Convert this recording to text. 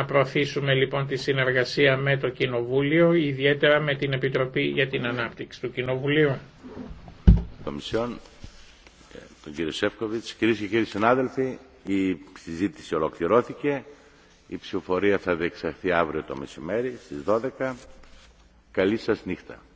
Να προωθήσουμε λοιπόν τη συνεργασία με το Κοινοβούλιο, ιδιαίτερα με την Επιτροπή για την Ανάπτυξη του Κοινοβουλίου. Κομισιόν, τον κύριο Σεύκοβιτ, κυρίες και κύριοι συνάδελφοι, η συζήτηση ολοκληρώθηκε. Η ψηφοφορία θα διεξαχθεί αύριο το μεσημέρι στις 12. Καλή σας νύχτα.